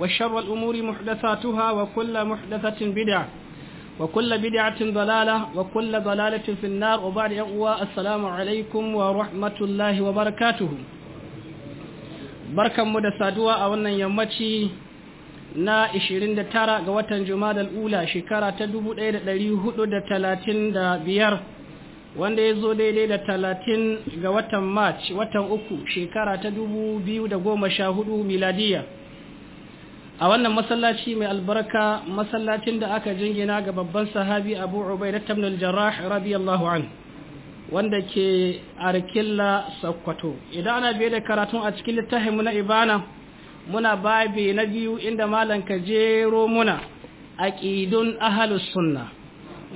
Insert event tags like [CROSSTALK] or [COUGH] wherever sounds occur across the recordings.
وشر الأمور محدثاتها وكل محدثة بدعة وكل بدعة ضلالة وكل ضلالة في النار وبعد أقوى السلام عليكم ورحمة الله وبركاته بركة مدسادوة أولا يمتي na 29 ga watan Jumadal Ula shekara ta 1435 wanda ya zo daidai da 30 ga watan March watan uku shekara ta 2014 miladiya a wannan masallaci mai albarka masallacin da aka jingina ga babban sahabi abu ubaidah ibn al-jarrah radiyallahu an wanda ke arkilla sakkwato idan ana biye da karatun a cikin littafin na ibana muna babi na biyu inda malam ka jero muna aqidun ahlus sunna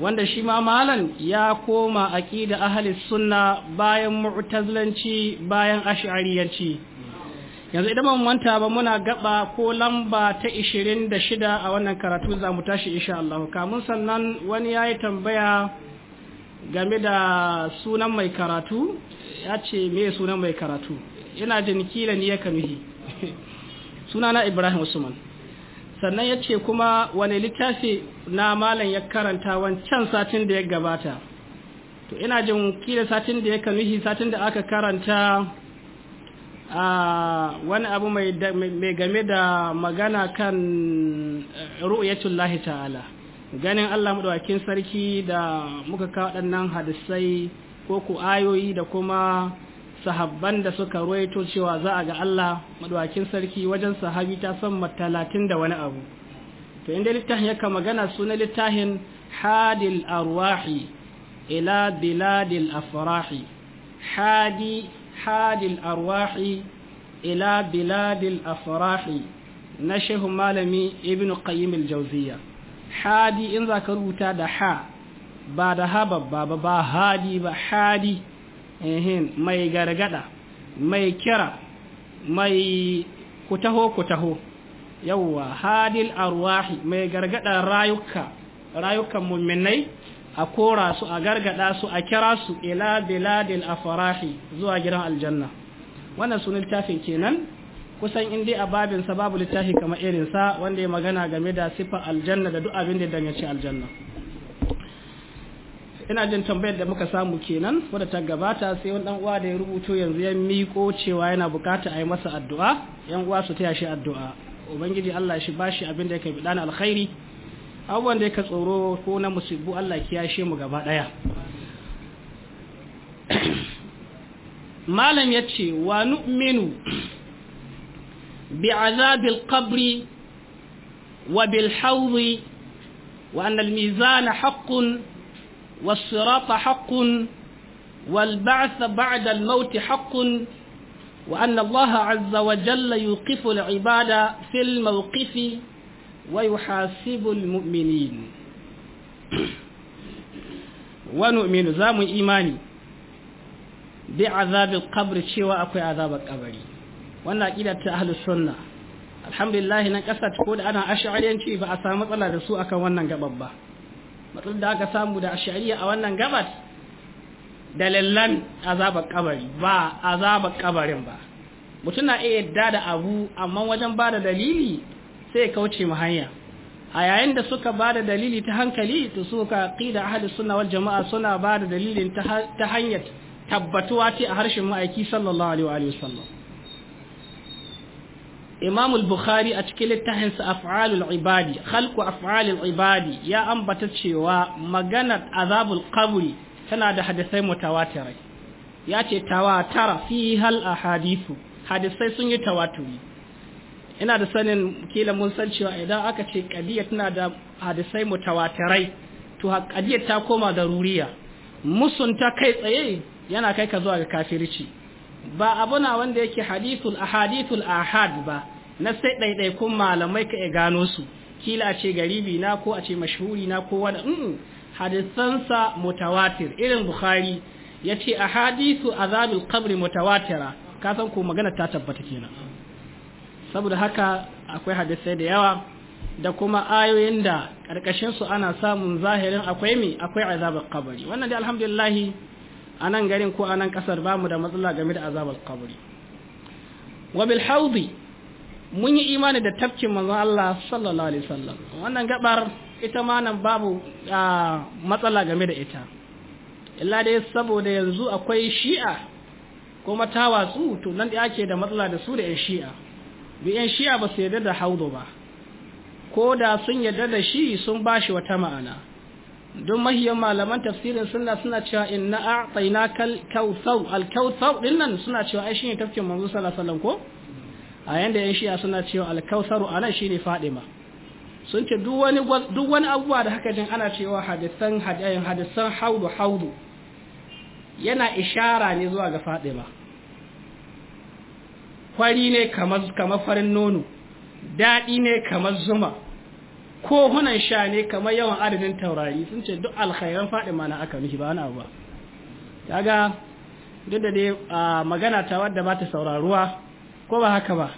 wanda shi ma malam ya koma aqida ahlus sunna bayan mu'tazilanci bayan ash'ariyanci yanzu idan ban manta ba muna gaba ko lamba ta 26 a wannan karatu za mu tashi insha Allah kamun sannan wani ya yi tambaya game da sunan mai karatu ya ce me sunan mai karatu ina jin kila ni ya kamihi na Ibrahim Usman sannan ya ce kuma wani littafi na malam ya karanta wancan satin da ya gabata to ina jin kila satin da ya kamihi satin da aka karanta wani abu mai game da magana kan ru'yatullahi ta'ala ganin Allah madawakin sarki da muka kawo ɗannan hadisai ko ku ayoyi da kuma sahabban da suka ruwaito cewa za a ga Allah madawakin sarki wajen sahabi ta san matalatin da wani abu to inda littafin yaka magana suna littafin hadil arwahi ila biladil afrahi hadi حال الأرواح إلى بلاد الأفراح na shehu malami ibn qayyim jauziya jawziya hadi in za ka rubuta da ha ba da ha ba ba ba hadi ehin mai gargada mai kira mai kutaho kutaho yawwa hadil arwahi mai gargada rayuka rayukan mu'minai a kora su a gargada su a kira su ila biladil afarahi zuwa gidan aljanna wannan sunan littafin kenan kusan in a babin sa babu littafi kamar irin sa wanda ya magana game da sifa aljanna da duk abin da yace aljanna ina jin tambayar da muka samu kenan wadda ta gabata sai wani dan uwa da ya rubuto yanzu ya miko cewa yana bukata a yi masa addu'a yan uwa su taya shi addu'a ubangiji Allah shi bashi abin da yake bidana alkhairi abubuwan da ya ka tsoro ko na musibu Allah kiyashe mu gaba ɗaya malam ya ce wa nu'minu bi azabil qabri wa bil hawdi wa anna al mizan haqqun wa as-sirat haqqun wal ba'th ba'da al wa anna Allah azza wa jalla yuqifu al ibada fil mawqifi ويحاسب المؤمنين ونؤمن زام إيماني بعذاب القبر شوى أكو عذاب القبر وانا قيلة أهل السنة الحمد لله نكسة تقول أنا أشعري أنت فأسامت الله رسوءك وانا قببا matsalar da aka samu da ashariya a wannan gabas dalilan azabar kabari ba azabar kabarin ba mutum na iya yadda da abu amma wajen ba da dalili sai kauce mu hanya a yayin da suka bada dalili ta hankali to suka aqida ahli sunna wal jama'a suna bada dalilin ta hanyar tabbatuwa ce a harshen ma'aiki sallallahu alaihi wa sallam Imam al-Bukhari a cikin littafin sa af'alul ibadi khalqu af'alul ibadi ya ambata cewa maganar azabul qabri tana da hadisai mutawatirai ya ce tawatara fi hal ahadithu hadisai sun yi tawaturi ina da sanin kila mun san cewa idan aka ce kadiyya tana da hadisai mutawatirai to kadiyya ta koma da ruriya musunta kai tsaye yana kai ka zuwa ga kafirci ba abuna wanda yake hadithul ahadithul ahad ba na sai ɗaiɗaikun malamai ka gano su kila a ce garibi na ko a ce mashhuri na ko wani mm hadisansa mutawatir irin bukhari yace ahadithu azabil qabr mutawatira ka san ko magana ta tabbata kenan saboda haka akwai hadisai da yawa da kuma ayoyin da karkashin su ana samun zahirin akwai mi akwai azabar kabari wannan dai alhamdulillah a nan garin ko a nan ba mu da matsala game da azabar kabari wa bil haudi mun yi imani da tafkin manzon Allah sallallahu alaihi wasallam wannan gabar ita ma nan babu matsala game da ita illa dai saboda yanzu akwai shi'a kuma tawatsu to nan da ake da matsala da su da yan shi'a Bi yan shi'a ba su yarda da haudu ba ko da sun yadda da shi sun ba shi wata ma'ana don mahiyan malaman tafsirin sunna suna cewa inna a'tainaka al-kautsar al-kautsar din nan suna cewa ai shine tafkin manzo sallallahu alaihi ko a yanda yan shi'a suna cewa al-kautsaru anan shine fadima sun ce duk wani duk wani abuwa da haka din ana cewa hadisan hadisan haudu haudu yana ishara ne zuwa ga fadima fari ne kamar farin nono daɗi ne kamar zuma ko hunan sha ne kamar yawan adadin taurari sun ce duk alkhairan faɗi mana aka mishi ba na ba kaga duk da dai magana ta wadda ba ta sauraruwa ko ba haka ba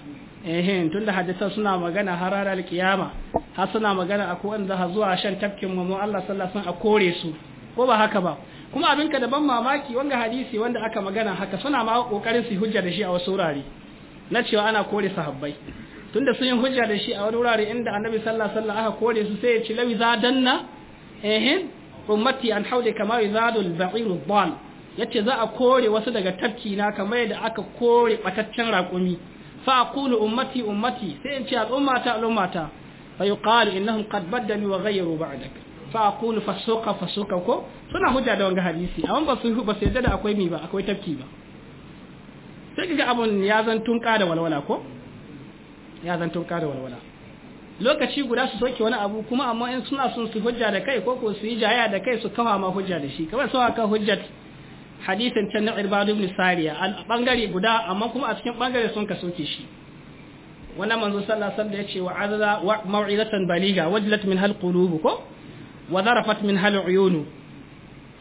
ehin tunda hadisa suna magana harar alkiyama har suna magana a kowanne za zuwa shan tafkin mamu Allah sallallahu alaihi a kore su ko ba haka ba kuma abinka da ban mamaki wanga hadisi wanda aka magana haka suna ma kokarin su hujja da shi a wasu wurare na cewa ana kore sahabbai tunda sun yi hujja da shi a wani wurare inda annabi sallallahu alaihi wasallam aka kore su sai ya ci lawi zadanna ehin ummati an haule kama yadul ba'iru dhal yace za a kore wasu daga tafki na kamar yadda aka kore bataccen raƙumi fa aqulu ummati ummati sai in ce al'ummata al'ummata fa yuqalu innahum qad baddalu wa ghayyaru ba'daka fa aqulu fasuqa fasuqa ko suna hujja da wanga hadisi amma ba su ba sai da akwai mi ba akwai tafki ba sai kaga abun ya zan tunka da walwala ko ya zan tunka da walwala lokaci guda su soke wani abu kuma amma in suna sun su hujja da kai ko ko su yi jaya da kai su kawo ma hujja da shi kamar sawa ka hujjat hadisin can na irbadu ibn sariya a bangare guda amma kuma a cikin bangare sun ka soke shi wannan manzo sallallahu alaihi wasallam yace wa'azza wa mau'izatan baliga wajlat min hal qulub ko wa zarafat min hal uyunu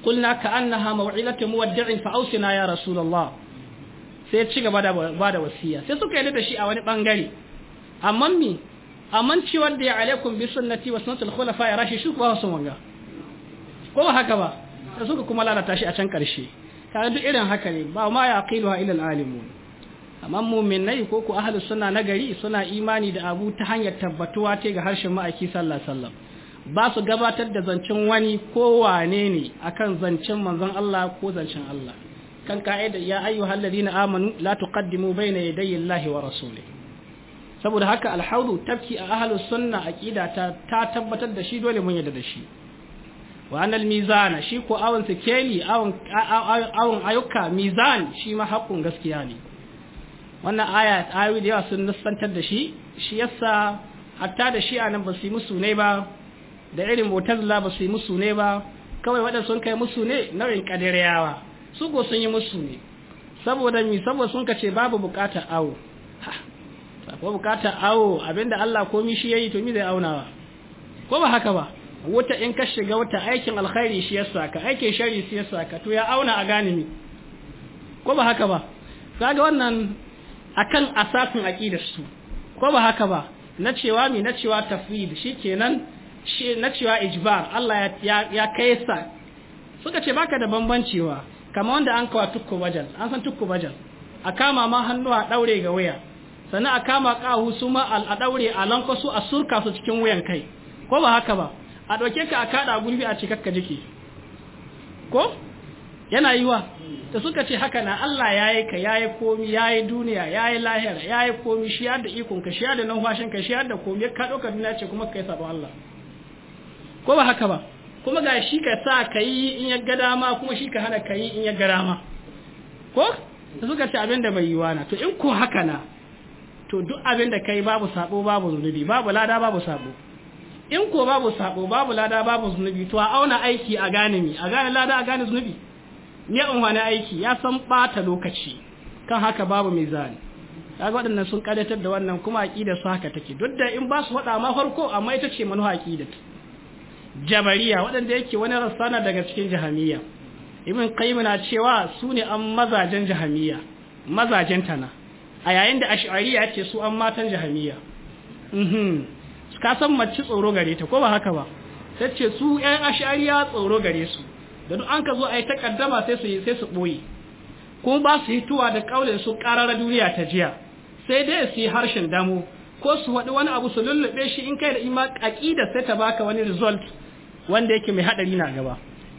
qulna ka'annaha maw'izatu muwaddi'in fa awsina ya rasulullah sai ci gaba da ba da wasiya sai suka yarda da shi a wani bangare amma mi amma ci wanda ya alaikum bi sunnati wa sunnatul khulafa rashi shi ba su wanga ko ba haka ba sai suka kuma lalata shi a can karshe kaga duk irin haka ne ba ma ya aqiluha ila alimun amma mu'minai ko ku ahlus sunna nagari suna imani da abu ta hanyar tabbatuwa ce ga harshen ma'aiki sallallahu alaihi wasallam ba su gabatar da zancen wani ko wane ne akan zancen manzon Allah ko zancen Allah kan ka'ida ya ayyuhal ladina amanu la tuqaddimu bayna yadayi llahi wa saboda haka alhaudu tafki a ahlus sunna aqida ta ta tabbatar da shi dole mun yadda da shi wa anal mizana shi ko awon sikeli awon awon ayyuka mizan shi ma hakkun gaskiya ne wannan aya ayoyi da yawa sun nusantar da shi shi yasa hatta da shi anan ba su yi musu ne ba da irin mutazila ba su yi musu ne ba kawai waɗansu sun kai musu ne nau'in kadiriyawa su go sun yi musu ne saboda mi saboda sun kace babu bukatar awo ko bukatar awo abinda Allah komi shi yayi to mi zai aunawa ko ba haka ba wata in ka shiga wata aikin alkhairi shi yasa ka aikin shari shi yasa ka to ya auna a gane ni ko ba haka ba kaga wannan akan asasin aqidar su ko ba haka ba na cewa mi na cewa tafwid shikenan shi na cewa ijbar Allah ya ya kaisa suka ce baka da bambancewa kama wanda an kawa tukko bajan an san tukko bajan a kama ma hannu a daure ga waya sannan a kama kahu su ma a daure a lanko su a surka su cikin wuyan kai ko ba haka ba a ɗauke ka a kada gurbi a cikakka jiki ko yana yi wa da suka ce haka na Allah ya yi ka ya yi komi ya yi duniya ya yi lahira ya yi komi shi da ikon ka shi da numfashin ka shi da komi ka duniya ce kuma ka yi sabon Allah ko ba haka ba kuma ga shi ka sa ka yi in ya ga dama kuma shi ka hana ka yi in ya ga dama ko da suka ce abin da bai yi wana to in ko haka na to duk abin da kai babu sabo babu zunubi babu lada babu sabo in ko babu sabo babu lada babu zunubi to a auna aiki a gane mi a gane lada a gane zunubi ya unwani aiki ya san bata lokaci kan haka babu Ya kaga waɗannan sun kadatar da wannan kuma aƙidar su haka take duk da in ba su faɗa ma farko amma ita ce manuha aqida jabariya waɗanda yake wani rassa daga cikin jahamiya ibn qayyim na cewa su ne an mazajen jahamiya mazajen tana a yayin da ash'ariya ce su an matan jahamiya mhm ka san mace tsoro gare ta ko ba haka ba sai ce su ƴan ash'ariya tsoro gare su da duk an ka zo a yi takaddama sai su sai su boye kuma ba su hituwa da kaulin su karara duniya ta jiya sai dai su yi harshen damo ko su wani abu su lullube shi in kai da ima aqida sai ta baka wani result wanda yake mai hadari na gaba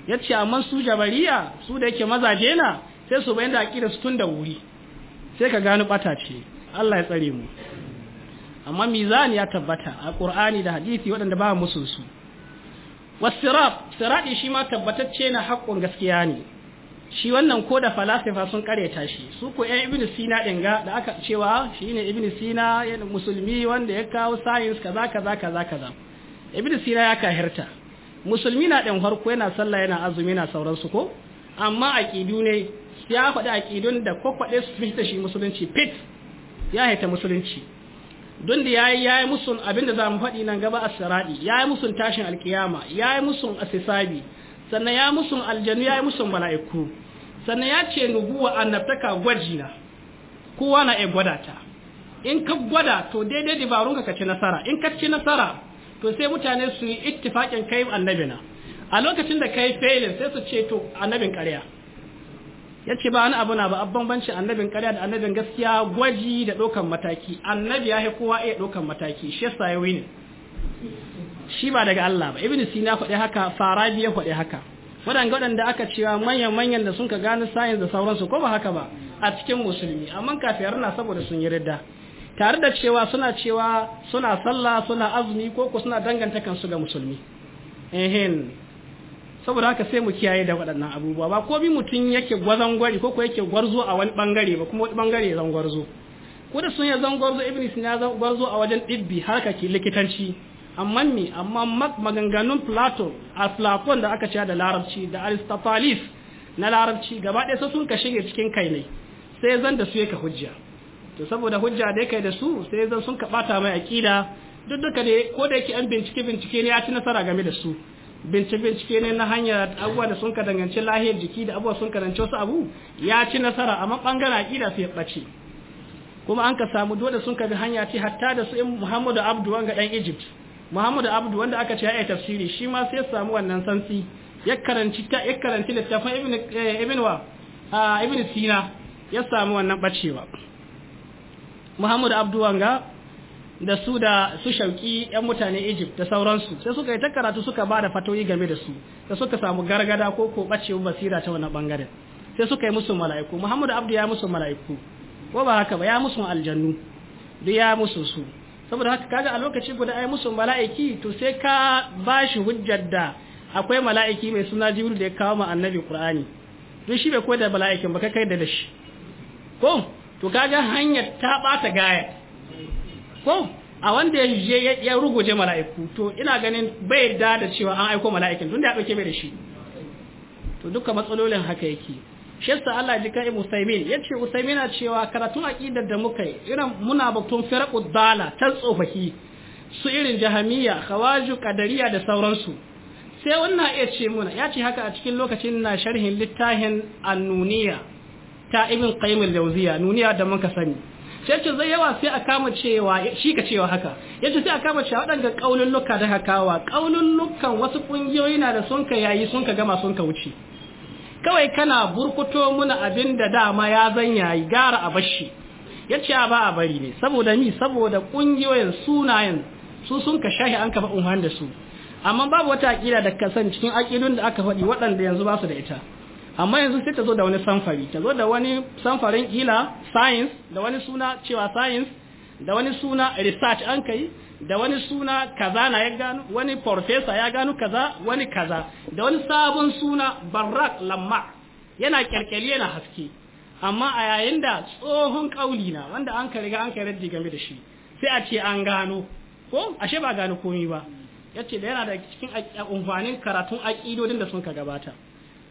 ya ce amma su jabariya su da yake mazaje na sai su bayan da akida su tun da wuri sai ka gano bata ce Allah ya tsare mu amma mizani ya tabbata a Qur'ani da hadisi waɗanda ba musu su wasirat siradi shi ma tabbatacce na haƙƙon gaskiya ne shi wannan ko da falasifa sun kareta shi su ko ɗan ibn sina ɗin ga da aka cewa shi ne ibn sina musulmi wanda ya kawo science kaza kaza kaza kaza ibn sina ya kahirta musulmi na ɗan farko yana sallah yana azumi na sauransu ko amma aƙidu ne ya faɗi aƙidun da kwakwaɗe su fita shi musulunci pit ya haita musulunci don da ya yi ya yi musun abinda za mu faɗi nan gaba a sarari ya yi musun tashin alkiyama ya yi musun asisabi sannan ya yi musun aljanu ya yi musun mala'iku sannan ya ce nubuwa annabtaka gwaji na kowa na iya gwada ta in ka gwada to daidai dabarun ka ci nasara in ka ci nasara to sai mutane su yi ittifakin kai annabi na a lokacin da kai failin sai su ce to annabin ƙarya ya ce ba wani abu na ba abban banci annabin ƙarya da annabin gaskiya gwaji da ɗaukan mataki annabi ya kowa iya ɗaukan mataki shi yasa ya wini shi ba daga Allah ba ibn sina faɗi haka farabi ya faɗi haka waɗanda waɗanda aka cewa manyan manyan da sun ka gani sayin da sauransu ko ba haka ba a cikin musulmi amma kafiyar na saboda sun yi ridda tare da cewa suna cewa suna sallah suna azumi ko ko suna danganta kansu ga musulmi ehin saboda haka sai mu kiyaye da waɗannan abubuwa ba ko bi mutum yake gwazan gwari ko ko yake gwarzo a wani bangare ba kuma wani bangare zan gwarzo ko sun ya zan gwarzo ibn sina ya zan gwarzo a wajen dibbi harka ki likitanci amma mi amma maganganun plato aflakon da aka ce da larabci da aristophanes na larabci gaba ɗaya sun ka shige cikin kai ne sai zan da su yake hujja to saboda hujja da kai da su sai zan sun ka bata mai aqida duk duka ne ko da yake an bincike bincike ne ya ci nasara game da su bincike bincike ne na hanyar abubuwa da sun ka danganci lahiyar jiki da abuwa sun ka danganci wasu abu ya ci nasara amma bangaren aqida sai ya bace kuma an ka samu dole sun ka bi hanya ce hatta da su in Muhammadu Abdu wanga dan Egypt Muhammadu Abdu wanda aka ce ya yi tafsiri shi ma sai ya samu wannan santsi ya karanci ta ya karanci littafin Ibn eh, Ibn wa ah, Ibn Sina ya samu wannan bacewa muhammad abduwanga da su da su shauki yan mutane egypt da sauransu sai suka yi ta karatu suka ba da fatoyi game da su da suka samu gargada ko ko bacewar basira ta wani bangaren sai suka yi musu mala'iku muhammad abdu ya musu mala'iku ko ba haka ba ya musu aljannu duk ya musu su saboda haka kaga a lokaci guda ai musu mala'iki to sai ka bashi hujjar da akwai mala'iki mai suna jibril da ya kawo ma annabi qur'ani duk shi bai koyar da mala'ikin ba kai kai da shi ko to kaga hanyar ta bata gaya ko a wanda ya je ya ruguje mala'iku to ina ganin bai yarda da cewa an aiko mala'ikin tunda ya dauke bai da shi to duka matsalolin haka yake shi sa Allah ji kai ya yace Usaimin na cewa karatu aqidar da muka yi irin muna batun firqu dala ta tsofaki su irin jahamiya khawaju qadariya da sauransu sai wannan ya ce muna ya ce haka a cikin lokacin na sharhin littafin annuniya ta ibin qaimul al-jawziya nuniya da muka sani sai ce zai yawa sai a kama cewa shi ka cewa haka yace sai a kama cewa waɗanda kaulun lukka da hakawa kaulun lukkan wasu kungiyoyi na da sun ka yayi sun ka gama sun ka wuce kawai kana burkuto muna abin da dama ya zan yayi gara a bashi yace a ba a bari ne saboda ni saboda kungiyoyin sunayen su sun ka shahi an kafa umman da su amma babu wata aƙida da kasan cikin aƙidun da aka faɗi waɗanda yanzu ba su da ita amma yanzu sai ta zo da wani samfari ta zo da wani samfarin kila science da wani suna cewa science da wani suna research an kai da wani suna kaza na ya gano wani professor ya gano kaza wani kaza da wani sabon suna barak lamma yana kyalkyali yana haske amma a yayin da tsohon kauli na wanda an ka riga an ka raddi game da shi sai a ce an gano ko ashe ba gano komi ba yace da yana da cikin amfanin karatun aƙidodin da sun ka gabata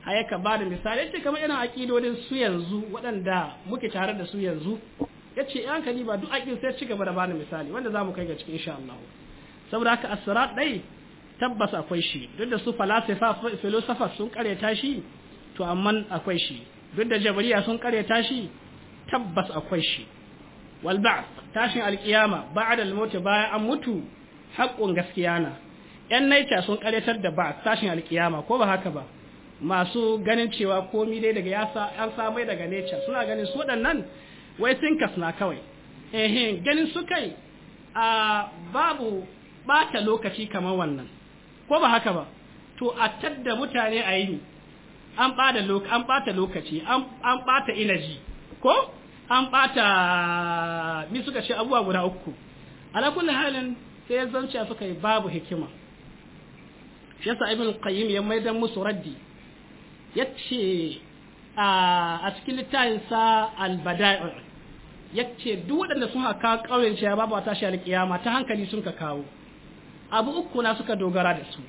hayaka ba da misali yace kamar irin aqidodin su yanzu waɗanda muke tare da su yanzu yace yan kali ba duk aqid sai ci gaba da bani misali wanda zamu kai ga cikin insha Allah saboda haka as dai tabbas akwai shi duk da su falasifa filosofa sun karya shi to amma akwai shi duk da jabariya sun karya shi tabbas akwai shi wal ba'd tashin alqiyama ba'a ba'da al-maut bayan an mutu haqqun gaskiya na yan naita sun karetar da ba'th tashin alqiyama ko ba haka ba masu ganin cewa komi dai daga an samai daga nature suna ganin su waɗannan wai thinkers na kawai eh ganin su kai a babu ɓata lokaci kamar wannan ko ba haka ba to a tadda mutane a yi an ɓata lokaci an bata energy ko an ɓata mi suka ce abubuwa guda uku ala halin sai ya zance suka yi babu hikima shi yasa ibn qayyim ya maidan musu raddi ya ce a cikin littafinsa albada'i ya ce duk waɗanda suka kawo ƙauyen shi babu wata shi alƙiyama ta hankali sun ka kawo abu uku na suka dogara da su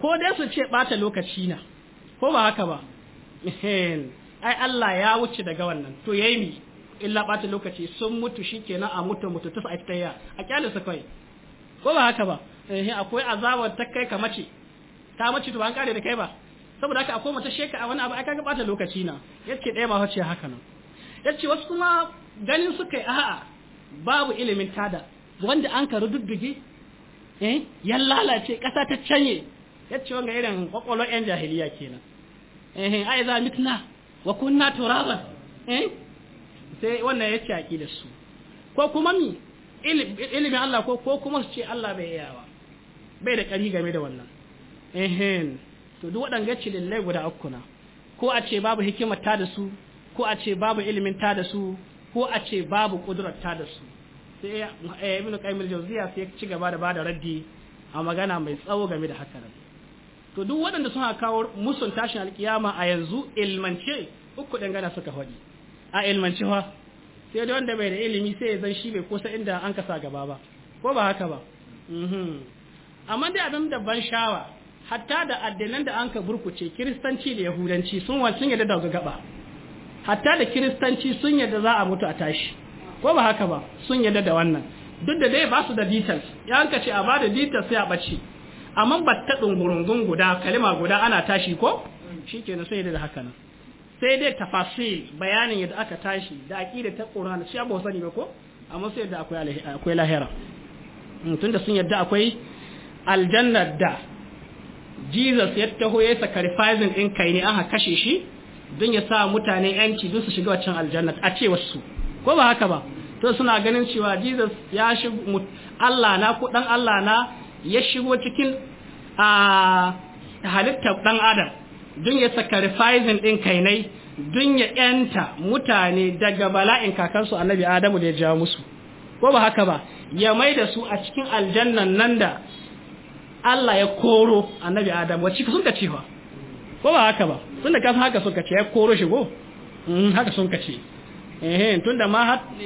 ko dai su ce ɓata lokaci na ko ba haka ba ai Allah ya wuce daga wannan to yayi mi illa ɓata lokaci sun mutu shikenan a mutu mutu tufa a tayya a kyale su kai ko ba haka ba ehe akwai azabar ta kai ka mace ta mace to ba an kare da kai ba saboda haka akwai mata sheka a wani abu aka bata lokaci na yace ɗaya ba wace haka nan yace wasu kuma ganin suka yi a'a babu ilimin tada wanda an karu duddugi eh ya lalace ƙasa ta canye yace wanga irin kwakwalwar yan jahiliya kenan eh ai za mitna wa kunna turaban eh sai wannan yace da su ko kuma mi ilimin Allah ko ko kuma su ce Allah bai yawa. bai da kari game da wannan ehen to duk waɗanda ce lallai guda uku na ko a ce babu hikimar ta da su ko a ce babu ilimin ta da su ko a ce babu ƙudurar ta da su sai eh, ibn qayyim jawziya sai ya ci gaba da bada raddi a magana mai tsawo game da haka to duk waɗanda suna kawo musun tashin alkiyama a yanzu ilmance uku dangana suka faɗi a ilmance fa sai da wanda bai da ilimi sai ya zan shi bai kusa inda an kasa gaba ba ko ba haka ba mhm. amma dai abin da ban shawa hatta da addinan da an ka burkuce kiristanci da yahudanci sun wancin yadda daga gaba hatta da kiristanci sun yadda za a mutu a tashi ko ba haka ba sun yadda da wannan duk da dai ba su da details ya an ka ce a ba da details sai a bace amma ba ta ɗungurungun guda kalima guda ana tashi ko shi ke yadda da haka nan sai dai tafasil bayanin yadda aka tashi da aƙida ta ƙorana shi abu sani ba ko amma sai yadda akwai lahira tun da sun yadda akwai mm, aljannar da jesus ya taho ya sacrificing din kai ne aka kashe shi don ya sa mutane yanci don su shiga wacin aljanna a cewar su ko ba haka ba to suna ganin cewa jesus ya shigo allah na ko dan allah na ya shigo cikin a halitta dan adam don ya sacrificing din kai ne don ya yanta mutane daga bala'in kakansu annabi adamu da ya ja musu ko ba haka ba ya mai da su a cikin aljannan nan da Allah ya koro annabi Adam wacce sun ka cewa ko ba haka ba tun da kasan haka suka ce ya koro shi go mm, haka sun ka ce eh tun da ma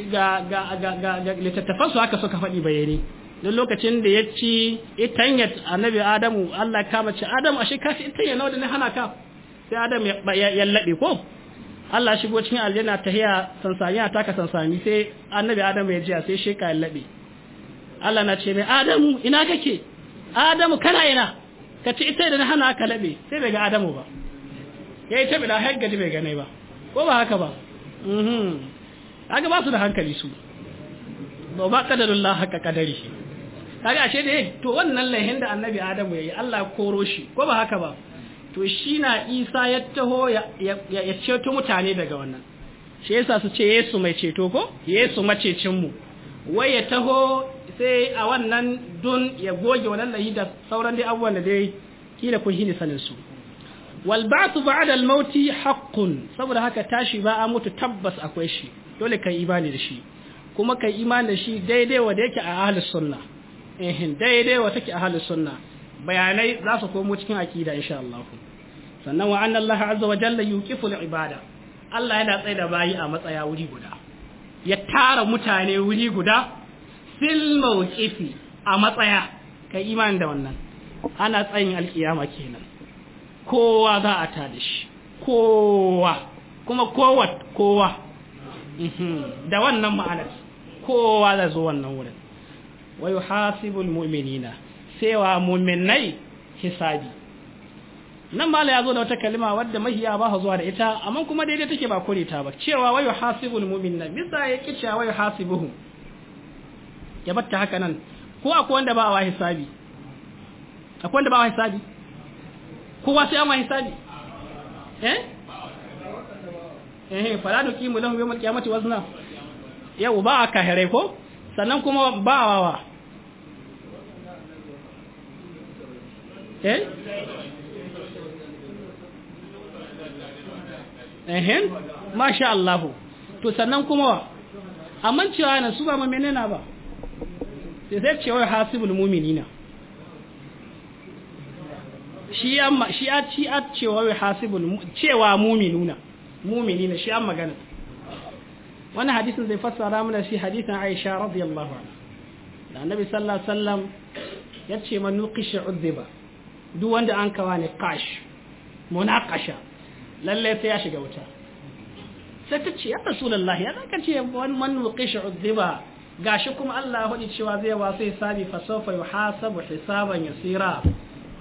ga ga ga ga littattafan su haka suka faɗi bayani duk lokacin da ya ci itanya annabi Adam Allah kama ce Adam ashe ka ci itanya na da hana ka sai Adam ya laɓe ko Allah shigo cikin aljanna ta hiya sansani ta ka sansani sai annabi Adam ya ji sai sheka ya laɓe Allah na ce mai Adam ina kake adamu kana ina ka ci ita da na hana aka laɓe sai bai ga adamu ba ya ita bila da har gaji bai ganai ba ko ba haka ba haka mhm. ba su da hankali su ba ba kadarullah haka kadari kaga ashe dai to wannan lahin da annabi adamu ya yi allah koro shi ko ba haka ba to shi na isa ya taho ya ceto mutane daga wannan shi yasa su ce yesu mai ceto ko yesu mace mu wai ya taho sai a wannan dun ya goge wannan lahi da sauran dai abubuwan da dai kila kun shi sanin su wal basu ba'da al mauti haqqun saboda haka tashi ba a mutu tabbas akwai shi dole kai imani da shi kuma kai imani da shi daidai wa da yake a ahlus sunna eh daidai wa take a ahlus sunna bayanai za su komo cikin akida insha Allah sannan wa anna Allah azza wa jalla yuqifu al ibada Allah yana tsaye da bayi a matsaya wuri guda ya tara mutane wuri guda fil kifi a matsaya ka imani da wannan ana tsayin alkiyama kenan kowa za a tada shi kowa kuma kowa kowa mhm. da wannan ma'anar kowa za zo wannan wurin wayo hasibul mu'minina sai wa mu'minai hisabi nan mala ya zo da wata kalima wadda mahiya ba zuwa da ita amma kuma daidai take ba kore ta ba cewa wayu hasibul mu'minna misa ya ki wa wayu hasibuhu ya batta haka nan ko akwai wanda ba wa hisabi akwai wanda ba wa hisabi kowa sai an wa hisabi eh eh fala da kimu lahu yawmal qiyamati wazna yau ba ka hare ko sannan kuma ba wa wawa eh ehin masha Allah to sannan kuma amma cewa na su ba ma menena ba sai sai cewa hasibul mu'minina shi amma shi a ci a cewa hasibul cewa mu'minuna mu'minina shi amma magana wannan hadisin zai fassara mana shi hadisin Aisha radiyallahu anha da Annabi sallallahu alaihi wasallam yace man nuqisha udhiba duk wanda an kawa ne qash munaqasha lallai sai ya shiga wuta sai ta ce ya rasulullahi ya zaka ce wani man muqish udhiba gashi kuma Allah ya cewa zai wasu hisabi fa sawfa yuhasabu hisaban yasira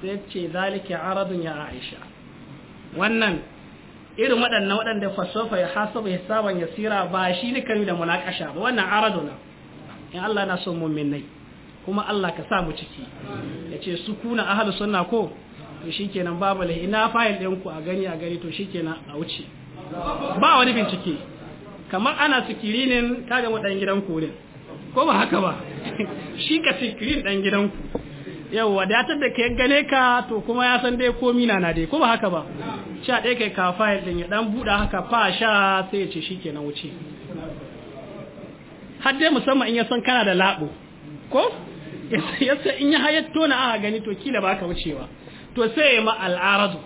sai ce zalika aradun ya Aisha wannan irin waɗannan waɗanda fa sawfa yuhasabu hisaban yasira ba shi ne kari da munakasha ba wannan araduna in Allah na son mu'minai kuma Allah ka samu ciki ciki yace su kuna ahlus sunna ko to shikenan babu lai ina fayil ɗin ku a gani a gani to shikenan a wuce ba wani bincike kamar ana sikirinin kaga wadan gidan ku ne ko ba haka ba [LAUGHS] shi ka sikirin dan gidan ku yau wadatar da ka gane ka to kuma ya san dai komi na na dai ko ba haka ba sha ɗaya kai ka fayil ɗin ya dan buɗe haka fa sha sai ya ce shikenan wuce har dai musamman in ya san kana da labo ko [LAUGHS] yasa in ya hayatto na aka gani to kila baka wucewa to sai ma al'arazu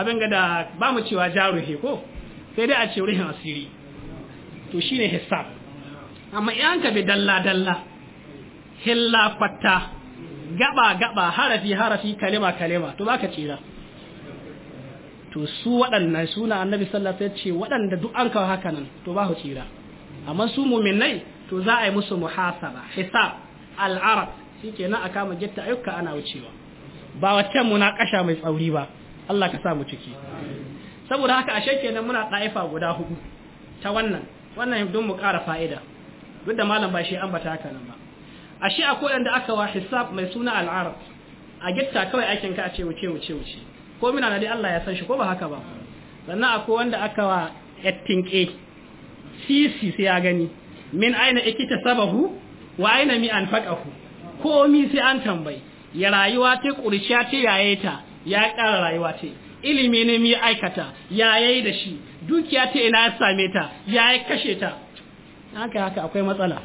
abin ga da ba mu cewa jaruhi ko sai dai a ce ruhin asiri to shine hisab amma yan ka bi dalla dalla hilla fatta gaba gaba harafi harafi kalima kalima to baka to su waɗannan suna annabi sallallahu alaihi ce waɗanda duk an kawo haka nan to ba su tsira amma su mu'minai to za a yi musu muhasaba hisab al'arab shikenan a kama jitta ayyuka ana wucewa ba waccan kasha mai tsauri ba Allah ka sa mu ciki saboda haka ashe kenan muna daifa guda hudu ta wannan wannan don mu kara fa'ida duk da malam ba shi bata haka nan ba ashe akwai wanda aka wa hisab mai suna al'arab a gitta kawai aikin ka a ce wuce wuce wuce ko mina na dai Allah ya san shi ko ba haka ba sannan akwai wanda aka wa ettinke sisi sai ya gani min aina ikita sabahu wa aina mi anfaqahu komi sai an tambayi ya rayuwa ta ƙurciya ta yaye ta ya ƙara rayuwa ta ilimi ne mai aikata ya yayi da shi dukiya ta ina ya same ta ya yi kashe ta haka haka akwai matsala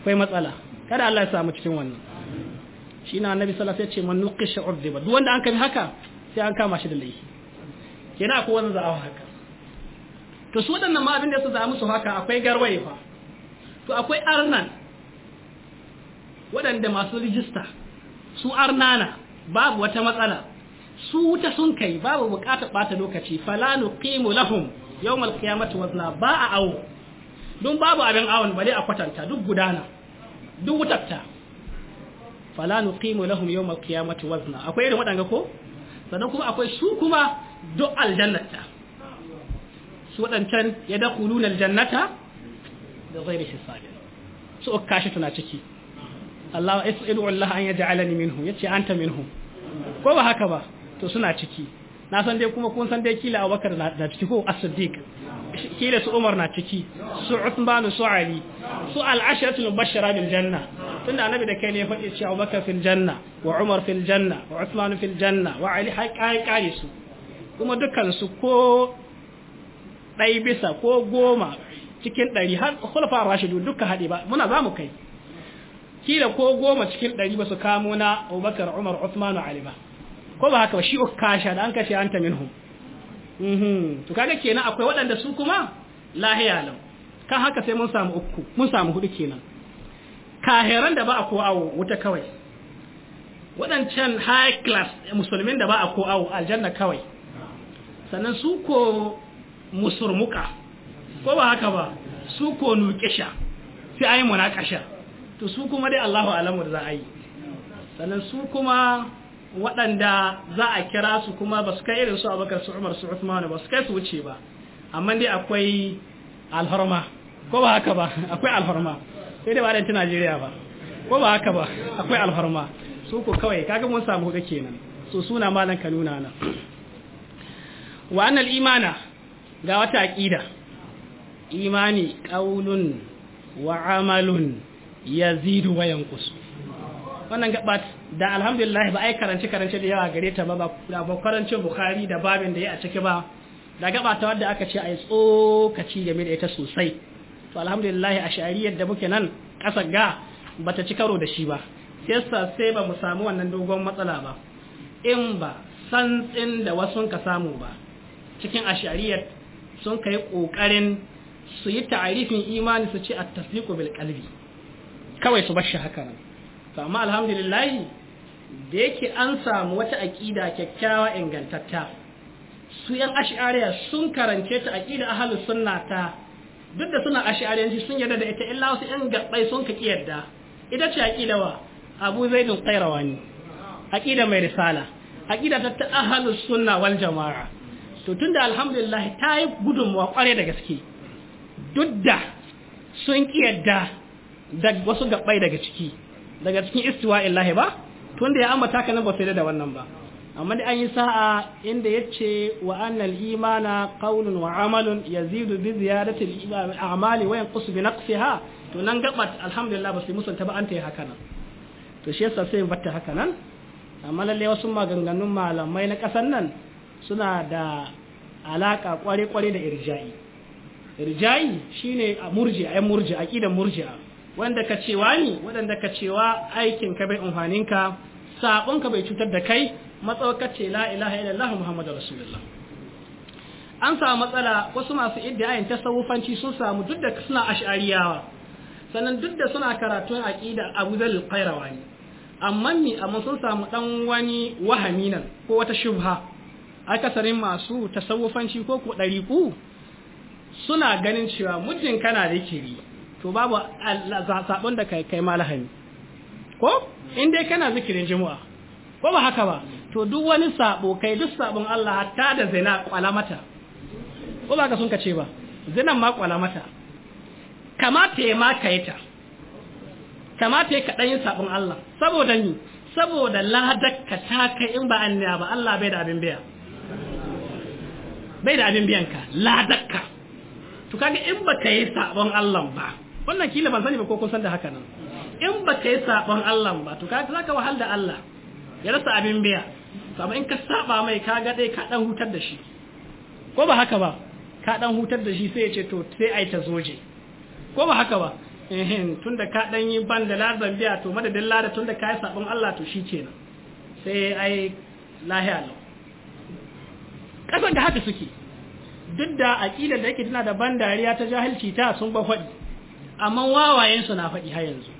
akwai matsala kada Allah ya samu cikin wannan shi na annabi sallallahu alaihi wasallam ya ce man nuqisha urdiba duk wanda an kai haka sai an kama shi da laifi kina ko wannan za a haka to su waɗannan ma abin da su za musu haka akwai garwaye fa to akwai arnan waɗanda masu rijista su arnana babu wata matsala su wuta sun kai babu bukata bata lokaci fala nuqimu lahum yawmal qiyamati wazna ba a awo don babu abin awon bale a kwatanta duk gudana duk wutatta fala nuqimu lahum yawmal qiyamati wazna akwai irin wadanga ko sannan kuma akwai su kuma do aljannata su wadancan yadkhuluna aljannata da ghairi hisabin su okashi tana ciki Allah is'alu Allah an yaj'alani minhu yace anta minhu ko ba haka ba to suna ciki na san dai kuma kun san dai kila Abubakar na ciki ko As-Siddiq kila su Umar na ciki su Uthman su Ali su al-ashratu mubashshara bil janna tunda annabi da kai ne faɗi cewa Abubakar fil janna wa Umar fil janna wa Uthman fil janna wa Ali haƙaƙa kare su kuma dukkan su ko ɗai bisa ko goma cikin ɗari har khulafa rashidu duka haɗe ba muna za mu kai kila ko goma cikin ɗari ba su kamo na Abubakar Umar Uthman Ali ba ko ba haka ba shi kasha da an kashe anta minhum mhm to kaga kenan akwai waɗanda su kuma lahiya lam kan haka sai mun samu uku mun samu hudu kenan kaheran da ba a ko awo wuta kawai waɗancan high class musulmin da ba a ko awo aljanna kawai sannan su ko musurmuka ko ba haka ba su ko nuƙisha sai ayi munakasha to su kuma dai Allahu alamu da za a yi sannan su kuma waɗanda za a kira su kuma ba su kai irin su abakar su umar su usman ba su kai su wuce ba amma dai akwai alharma ko ba haka ba akwai alharma sai dai ba da Najeriya ba ko ba haka ba akwai alharma su ko kawai kaga mun samu hudu kenan so suna malan kanuna na wa annal imana ga wata aqida imani qaulun wa amalun yazidu wa yanqus wannan gabat da alhamdulillah ba ai karance karance da yawa gare ta ba ba karancin bukhari da babin da ya a ciki ba da gabata wadda aka ce a tsokaci game da ita sosai to alhamdulillah a shari'ar da muke nan ƙasar ga bata ci karo da shi ba yasa sai ba mu samu wannan dogon matsala ba in ba santsin da wasu ka samu ba cikin ashariyar sun kai ƙoƙarin su yi ta'arifin imani su ce a tasdiqu bil qalbi kawai su bashi haka nan to amma alhamdulillah da yake an samu wata aqida kyakkyawa ingantatta su yan ash'ariya sun karance ta aqida ahli sunna ta duk da suna ash'ariyanci sun yarda da ita illa wasu yan gabbai sun ka kiyarda ita ce aqida wa Abu zaidun qairawani aqida mai risala aqida ta ahli sunna wal jamaa to tunda alhamdulillah ta yi gudunmuwa kware da gaske duk da sun kiyarda wasu gabbai daga ciki daga cikin istiwa illahi ba tunda ya ambata ka nan ba da wannan ba amma da an yi sa'a inda yace wa annal imana qawlun wa amalun yazidu bi ziyadati al a'mali wa yanqusu bi naqsiha to nan gabat alhamdulillah ba sai musanta ba an ta yi haka nan to shi yasa sai batta haka nan amma lalle wasu maganganun malamai na kasan nan suna da alaka kware-kware da irja'i irja'i shine a murji'a murji'a aqidan murji'a wanda ka cewa ni waɗanda ka cewa aikin ka bai amfanin ka ka bai cutar da kai matsawaka ce la ilaha illallah muhammadu rasulullah an samu matsala wasu masu iddiyayin tasawufanci sun samu duk da suna ash'ariyawa sanan duk da suna karatun aqida Abu Dhal Qayrawani amma ni amma sun samu dan wani wahami nan ko wata shubha akasarin masu tasawufanci ko ko dariku suna ganin cewa mujin kana da kiri to babu sabon da kai ma malahani ko in dai kana zikirin juma'a ko ba haka ba to duk wani sabo kai duk sabon Allah hatta da zina kwala mata ko ba ka sun kace ba zinan ma kwala mata kamata ya ma kai ta kamata ya kaɗan yin sabon Allah saboda ni saboda ka ta kai in ba anniya ba Allah bai da abin biya bai da abin biyanka ladakka to kaga in baka yi sabon Allah ba wannan kila ban sani ba ko kun san da haka nan in ba ka yi saɓon Allah ba to ka za ka wahal da Allah ya rasa abin biya amma in ka saba mai ka ga dai ka dan hutar da shi ko ba haka ba ka dan hutar da shi sai ya ce to sai ai ta zoje ko ba haka ba tun tunda ka dan yi ban da ladan biya to madadin lada tunda ka yi saɓon Allah to shi kenan sai ai lahiya lau kasan da haka suke duk da aƙidar da yake tana da ban dariya ta jahilci ta sun ba faɗi amma wawayensu na faɗi har yanzu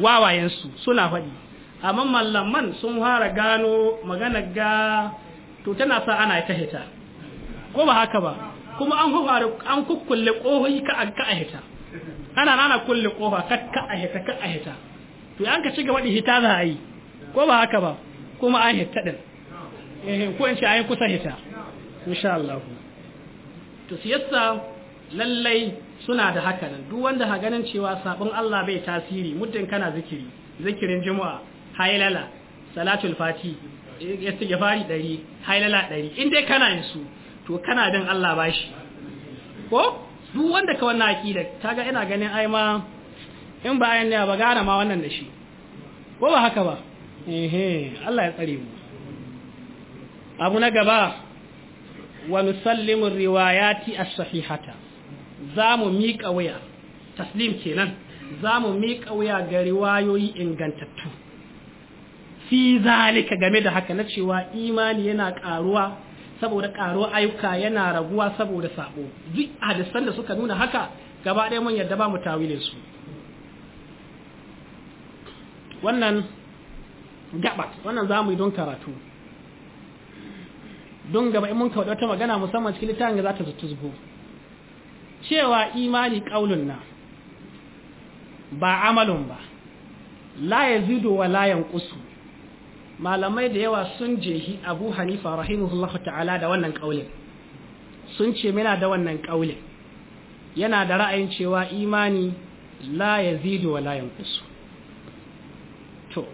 wawayensu suna faɗi amma mallaman sun fara gano magana ga to tana sa ana ta hita ko ba haka ba kuma an fara an kukkulle kohoyi ka a ka hita ana nana kulle kofa ka ka a hita ka a hita to an ka cigaba da hita za a yi ko ba haka ba kuma an hita din eh ko in ce an kusa hita insha Allah to siyasa lallai suna da hakanan duk wanda ha ganin cewa sabon Allah bai tasiri muddin kana zikiri zikirin juma'a hailala salatul fati istighfari dari hailala dari in dai kana yin su to kana bin Allah bashi ko duk wanda ka wannan akida kaga ina ganin ai ma in bayan ne ba gane ma wannan da shi ko ba haka ba Eh Allah ya tsare mu abu na gaba wa nusallimu riwayati as-sahihata za mu miƙa wuya taslim kenan za mu miƙa wuya ga riwayoyi ingantattu fi zalika game da haka na cewa imani yana ƙaruwa saboda ƙaruwa ayyuka yana raguwa saboda sabo duk hadisan da suka nuna haka gaba ɗaya mun yadda ba mu tawile su wannan gabat wannan za mu yi don karatu don gaba in mun kawo wata magana musamman cikin littafin da za ta zutu cewa imani ƙaunin na ba amalin ba la ya zido wa layan ƙusu malamai da yawa sun jehi abu hanifa rahimahullahu ta'ala da wannan ƙaunin sun ce mina da wannan ƙaunin yana da ra'ayin cewa imani la ya zido wa layan ƙusu to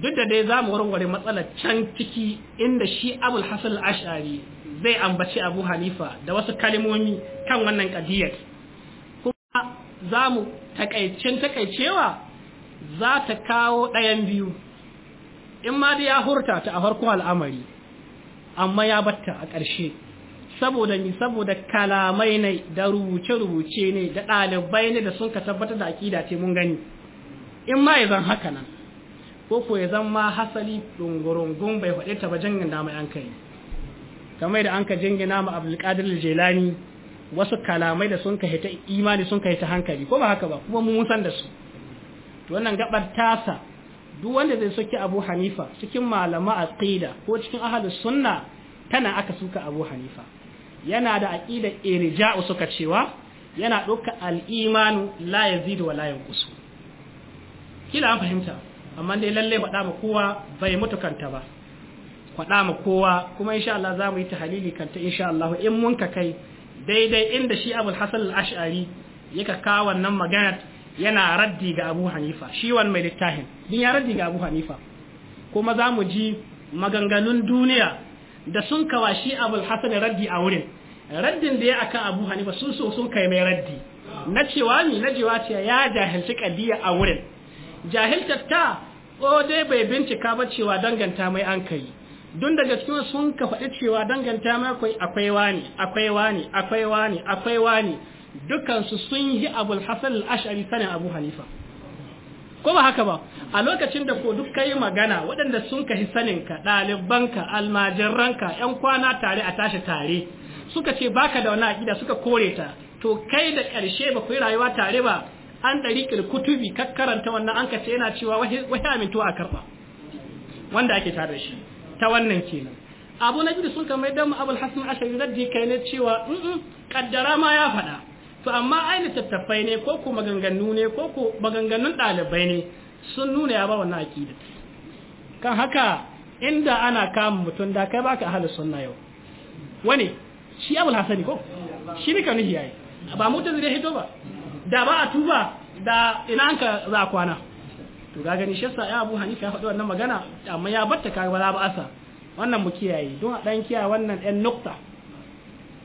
duk da dai za mu warware matsalar can ciki inda shi abul hasan ash'ari zai ambaci abu hanifa da wasu kalimomi kan wannan kadiyar kuma za mu takaicin takaicewa za ta kawo ɗayan biyu in ma da ya hurta ta a farkon al'amari amma ya batta a ƙarshe saboda ni saboda kalamai ne da rubuce-rubuce ne da ɗalibai ne da sun ka tabbatar da aƙida ce mun gani in ma ya zan haka nan ko ko ya zan ma hasali ɗungurungun bai faɗi ta ba jan da mai an kai kamar da an ka jingina ma abdul qadir jilani wasu kalamai da sun ka hita imani sun ka hita hankali ko ba haka ba kuma mun san da su to wannan gabar tasa duk wanda zai soki abu hanifa cikin malama aqida ko cikin ahlus sunna tana aka suka abu hanifa yana da aqida irja suka cewa yana ɗaukar al'imani la yazidu wa la yanqus kila an fahimta amma dai lalle ba da ba kowa bai mutukanta ba faɗa ma kowa kuma insha Allah za mu yi tahalili kanta insha Allah in mun ka kai daidai inda shi Abul Hasan al-Ash'ari yaka kawo wannan magana yana raddi ga Abu Hanifa shi wannan mai littafin din ya raddi ga Abu Hanifa kuma za mu ji maganganun duniya da sun kawa shi Abul Hasan raddi a wurin raddin da ya aka Abu Hanifa sun so sun kai mai raddi na cewa ni na cewa ya jahilci kadiya a wurin jahilta ta ko dai bai bincika ba cewa danganta mai an kai don da cikin sun ka faɗi cewa danganta ma akwai wani akwai wani akwai wani akwai wani su sun yi abul hasan al-ash'ari sanin abu hanifa ko ba haka ba a lokacin da ko duk kai magana waɗanda sun ka sanin ka almajiran ka ƴan kwana tare a tashi tare suka ce baka da wani aƙida suka kore ta to kai da ƙarshe ba ku rayuwa tare ba an ɗari kutubi kakkaranta wannan an ka ce yana cewa wahi amintuwa a karɓa wanda ake tare shi ta wannan kenan abu na biyu sun kamar da abul hasan ashari na kai ne cewa kaddara ma ya faɗa to amma ai tattafai ne ko ko maganganu ne ko ko maganganun ɗalibai ne sun nuna ya ba wannan aƙida kan haka inda ana kama mutum da kai baka ahalus sunna yau wani shi abul hasani ko shi ne kanu yayi ba mutum zai hito ba da ba a tuba da ina an ka za kwana to ga gani ya abu hanifa ya faɗi wannan magana amma ya batta ka ba ba asa wannan mu kiyaye don a dan kiyaye wannan ɗan nukta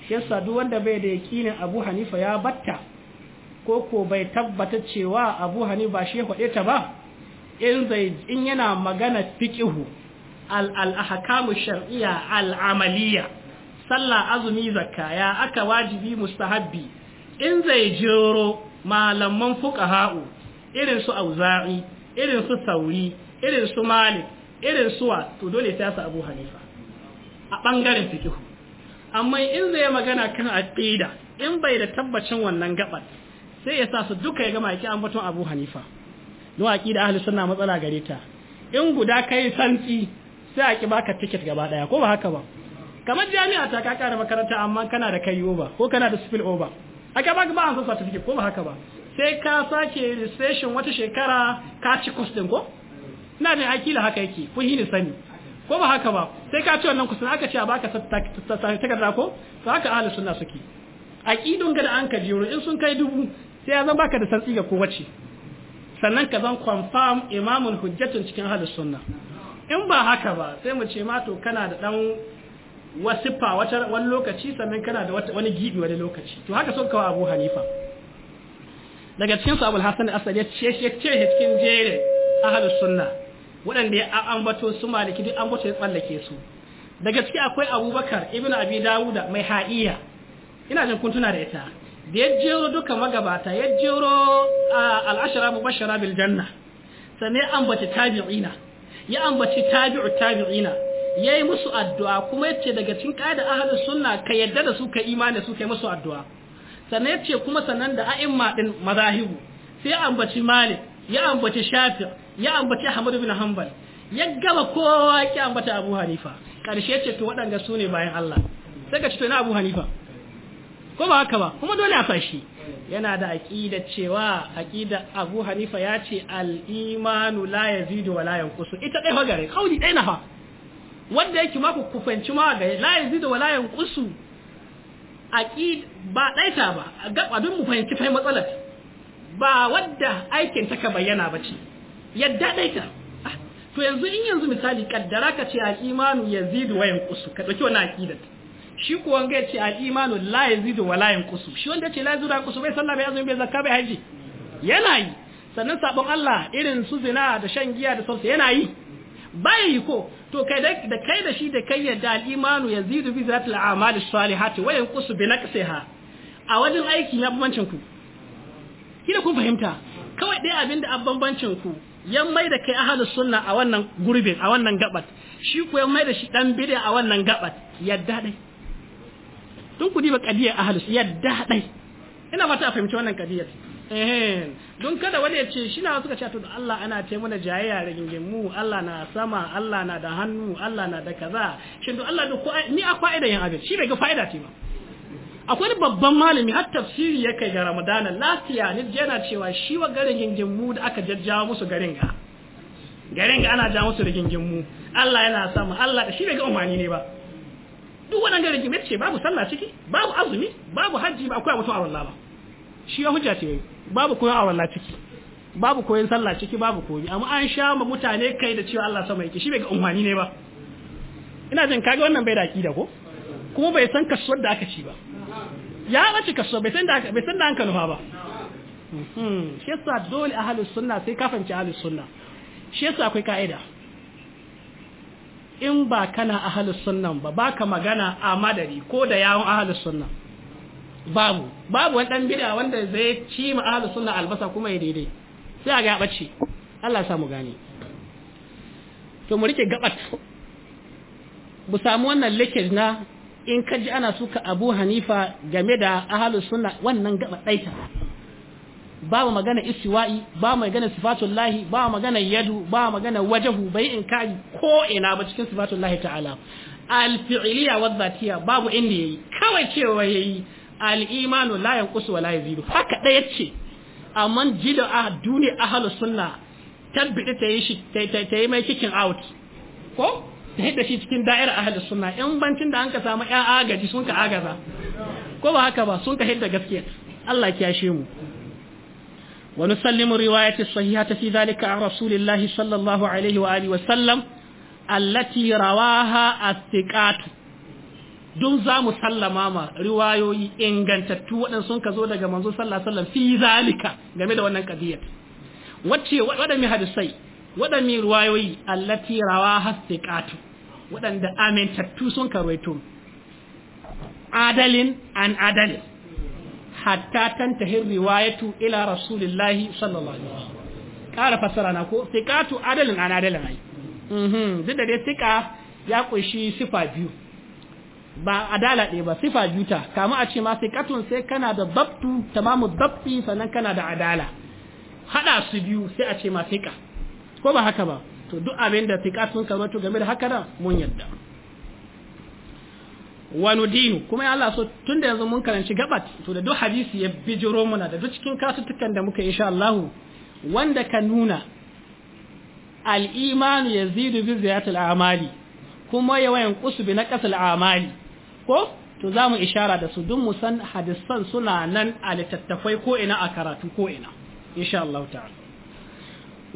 shesa duk wanda bai da yaƙini abu hanifa ya batta ko ko bai tabbata cewa abu hanifa shi ya faɗe ta ba in zai in yana magana fiƙihu. al al ahkamu shar'iyya al amaliyya sallah azumi zakka ya aka wajibi mustahabbi in zai jiro malaman fuqaha'u irin su auza'i irin su sauri irin su malik irin suwa to dole sai su abu hanifa a ɓangaren fikihu amma in zai magana kan aqida in bai da tabbacin wannan gabar sai ya sa su duka ya gama yake ambaton abu hanifa don aqida ahli sunna matsala gare ta in guda kai santsi sai a ki baka tiket gaba daya ko ba haka ba kamar jami'a ta ka kara makaranta amma kana da kayo ba ko kana da spill over aka baka ba an certificate ko ba haka ba sai ka sake registration wata shekara ka ci kus din ko ina ne akila haka yake kun yi ni sani ko ba haka ba sai ka ci wannan kusin aka ce a baka takarda ko to haka ahli sunna suke aqidun ga da an ka jiro in sun kai dubu sai ya zan baka da santsi ga kowace sannan ka zan confirm imamul hujjatun cikin ahli sunna in ba haka ba sai mu ce ma to kana da dan wasifa wani lokaci sannan kana da wani gibi wani lokaci to haka sun kawo abu hanifa daga cikin su abul hasan asad ya ce ce shi cikin jere ahlus sunna waɗanda ya ambato su maliki duk ambato ya tsallake su daga ciki akwai abubakar ibnu abi dawuda mai ha'iya ina jin kun tuna da ita da ya jero duka magabata ya jero al'ashara mubashara bil janna sannan ya ambaci tabi'ina ya ambaci tabi'u tabi'ina yayi musu addu'a kuma yace daga cikin qaida ahlus sunna ka yadda da su ka imani da su kai musu addu'a sannan ya ce kuma sannan da a'imma din mazahibu sai ambaci malik ya ambaci shafi ya ambaci Ahmadu bin hanbal ya gaba kowa ya ambata abu hanifa karshe ce to waɗanda su ne bayan allah sai ka ci to na abu hanifa ko ba haka ba kuma dole a fashi yana da aƙida cewa aƙida Abu Hanifa ya ce al'imanu la ya yazidu wa la yanqusu ita dai hagare kauli dai fa. wanda yake ma kufanci ma ga la yazidu wa la kusu. aqid ba ɗaita ba gaba don mu fahimci fahimtar matsalar ba wadda aikin ta ka bayyana ba ce yadda ɗaita. Ah, to yanzu in yanzu misali kaddara ka ce al-imanu yazidu wa yanqusu ka ɗauki wani aqidar shi ko wanga ce al-imanu la yazidu wa la yanqusu shi wanda ce la yazidu wa yanqusu bai sallah bai azumi bai zakka bai haji yana yi sannan sabon Allah irin su zina da shan giya da sauransu yana yi bai yi ko to kai da kai da shi da kai yadda al-imanu yazidu bi zati al'amali salihati wa yanqusu bi naqsiha a wajen aiki na bambancin ku kina kun fahimta kawai dai abinda a bambancin ku yan mai da kai ahlus sunna a wannan gurbin a wannan gabat shi ku yan mai da shi dan bid'a a wannan gabat yadda dai tun ku diba qadiyar ahlus yadda dai ina fata a fahimci wannan qadiyar don kada wani ya ce shi na suka ce tun Allah ana ce mana jayayya da gingimu Allah na sama Allah na da hannu Allah na da kaza shin to Allah ko ni a fa'ida yin abin shi bai ga fa'ida ce ba akwai babban malami har tafsiri ya kai ga Ramadana lafiya ni yana cewa shi wa garin gingimu da aka jajjawa musu garin ga garin ga ana jawo musu mu. Allah yana sama Allah da shi bai ga umani ne ba duk wannan garin ce babu sallah ciki babu azumi babu hajji ba akwai mutum a wallahi ba shi ya hujja ce babu koyon na ciki babu koyon sallah ciki babu koyi amma an sha ma mutane kai da cewa Allah sama yake shi bai ga umani ne ba ina jin kage wannan bai da aqida ko kuma bai san kasuwar da aka ci ba ya bace kasuwa bai san da bai san da an kanufa ba hmm, shi yasa dole ahlus sunna sai kafanci ahlus sunna shi yasa akwai ka'ida in ba kana ahlus sunnan ba baka magana a madari ko da yawon ahlus sunnan babu babu wani dan bid'a wanda zai ci ma ahlus sunna albasa kuma ya daidai sai a ga ya bacci Allah ya samu gane to mu rike gabat mu samu wannan lekage na in ka ji ana suka Abu Hanifa game da ahlus sunna wannan gaba daita babu magana istiwa'i ba magana sifatullahi ba magana yadu ba magana wajahu bai in kai ko ina ba cikin sifatullahi ta'ala al-fi'liya wa dhatiya babu inda yayi kawai cewa yayi al-imanu la yanqusu wa la yazidu haka ɗaya ce amma jida a duni ahlu sunna tabbita ta yi shi ta yi mai kicking out ko ta da shi cikin da'ir a ahlu suna. in bancin da an ka samu ƴan agaji sun ka agaza ko ba haka ba sun ka hidda gaskiya Allah ya kiyashe mu wa nusallimu riwayati sahihata fi dhalika an rasulillahi sallallahu alaihi wa alihi wa sallam allati rawaha as-siqatu don za mu sallama ma riwayoyi ingantattu waɗansu sun ka zo daga manzo sallallahu alaihi wasallam fi zalika game da wannan qadiyar wacce waɗanne hadisai waɗanne riwayoyi allati rawaha thiqatu waɗanda amintattu sun ka rawaito adalin an adalin hatta tantahi riwayatu ila rasulillahi sallallahu alaihi wasallam ƙara fassara na ko thiqatu adalin an adalin ai mhm duk da dai thiqa ya kunshi sifa biyu ba adala ɗaya ba sifa juta kama a ce ma sai katun sai kana da dabtu tamamu dabti sannan kana da adala hada su biyu sai a ce ma fika ko ba haka ba to duk abin da sika sun karbato game da haka da mun yadda wani dinu kuma ya Allah tun da yanzu mun karanci gabat to da duk hadisi ya bijiro muna da duk cikin kasutukan da muka insha Allah wanda ka nuna al yazidu bi ziyatil amali kuma yawayan kusubi na kasal amali ko to za mu ishara da su dun mu san hadisan suna nan a littattafai ko ina a karatu ko ina insha Allah ta'ala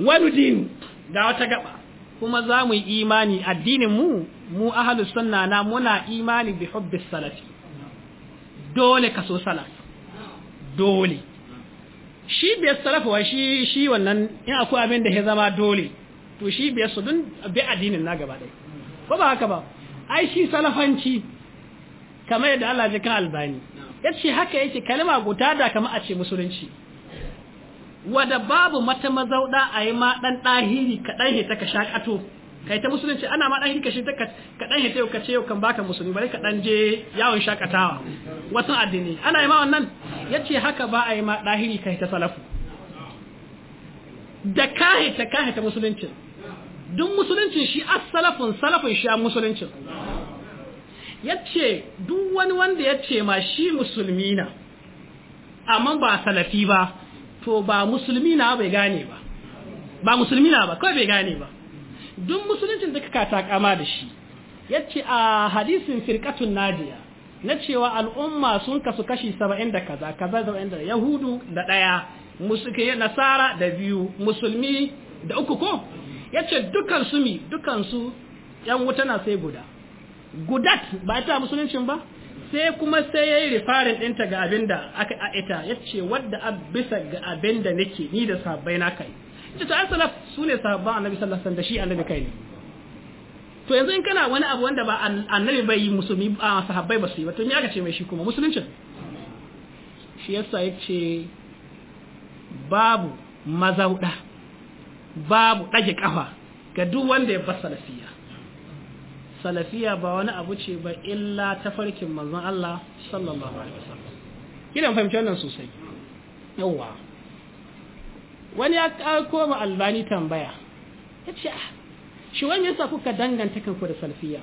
wani din da wata gaba kuma za mu yi imani addinin mu mu ahalu sunna na muna imani bi hubbis salafi dole kaso salaf dole shi bai salafa wa shi shi wannan in akwai abin da ya zama dole to shi bai su dun bi addinin na gaba dai ko ba haka ba ai shi salafanci kamar yadda Allah ji kan albani yace haka yake kalma guta da kamar a ce musulunci wada babu mata mazauda a yi ma dan dahiri ka dan hita ka shakato kai ta musulunci ana ma dahiri ka shita ka dan hita ka ce yau kan baka musulmi bare ka dan je yawon shakatawa wasu addini ana yi ma wannan yace haka ba a yi ma dahiri ka hita salafu da ka hita ka hita musuluncin duk musuluncin shi as salafun salafun shi musuluncin Ya ce duk wani wanda ya ce ma shi musulmi na amma ba salafi ba to ba musulmi na bai gane ba ba musulmi na ba kawai bai gane ba duk musuluncin da kaka ta kama da shi Ya ce a hadisin firkatun nadiya na cewa al'umma sun kasu kashi saba'in da kaza kaza saba'in da yahudu da ɗaya musulmi nasara da biyu musulmi da uku ko ya ce dukansu mi dukansu yan wuta na sai guda gudat ba ta musuluncin ba sai kuma sai ya yi rifarin ɗinta ga abin da aka ita ya ce wadda a bisa ga abin da nake ni da sabbai na kai ita ta an salaf su ne annabi sallallahu da shi annabi kai to yanzu in kana wani abu wanda ba annabi bai yi musulmi a sahabbai ba su yi ba to me aka ce mai shi kuma musuluncin shi yasa ya ce babu mazauɗa babu ɗage kafa ga duk wanda ya bar salafiya salafiya ba wani abu ce ba illa ta farkin manzon Allah sallallahu alaihi wasallam kina fahimci wannan sosai yawa wani ya kawo ma albani tambaya yace ah, shi wani yasa kuka danganta kanku da salafiya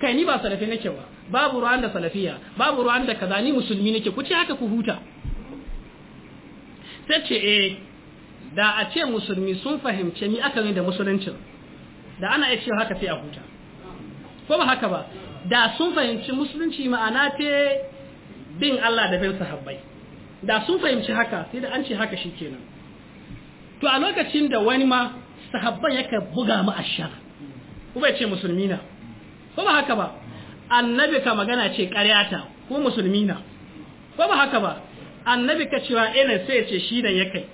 kai ni ba salafi nake ba babu ruwan da salafiya babu ruwan da kaza ni musulmi nake ku ce haka ku huta sai ce eh da a ce musulmi sun fahimce ni aka da musuluncin da ana iya cewa haka sai a huta ko ba haka ba da sun fahimci musulunci ma'ana ta bin Allah da bin sahabbai da sun fahimci haka sai da an ce haka shi kenan. to a lokacin da wani ma sahabban yake buga mu ashar ko bai ce musulmi na ko ba haka ba annabi ka magana ce ta ko musulmi na ko ba haka ba annabi ka cewa ina eh, sai ce shi da yake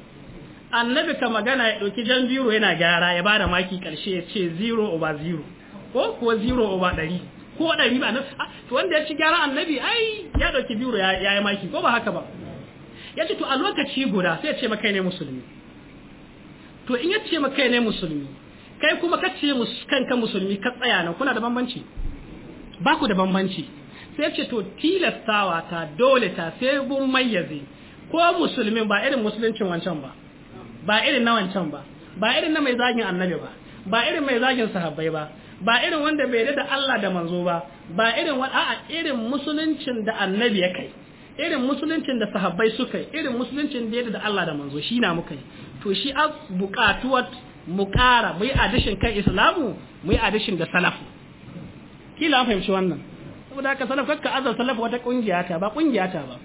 annabi ka magana ya ɗauki jan biro yana gyara ya ba da maki karshe ya ce zero over zero. ko kuwa zero over ɗari ko ɗari ba na ah, to wanda ya ci gyara annabi ai ya ɗauki biro ya yi maki ko ba haka ba ya ce to a lokaci guda sai ya ce makai ne musulmi to in ya ce makai ne musulmi kai kuma ka ce kanka musulmi ka tsaya nan kuna da bambanci ba ku da bambanci sai ce to tilastawa ta dole ta sai mun mayyaze ko musulmin ba irin musuluncin wancan ba ba irin na wancan ba ba irin na mai zagin annabi ba ba irin mai zagin sahabbai ba ba irin wanda bai da Allah da manzo ba ba irin wa a'a irin musuluncin da annabi ya kai irin musuluncin da sahabbai suka yi irin musuluncin da yarda da Allah da manzo shi na muka yi to shi a buƙatuwar mu ƙara mu yi addishin kan islamu mu yi addishin da salafu kila an fahimci wannan saboda haka salaf kakka azar salaf wata ƙungiya ta ba ƙungiya ta ba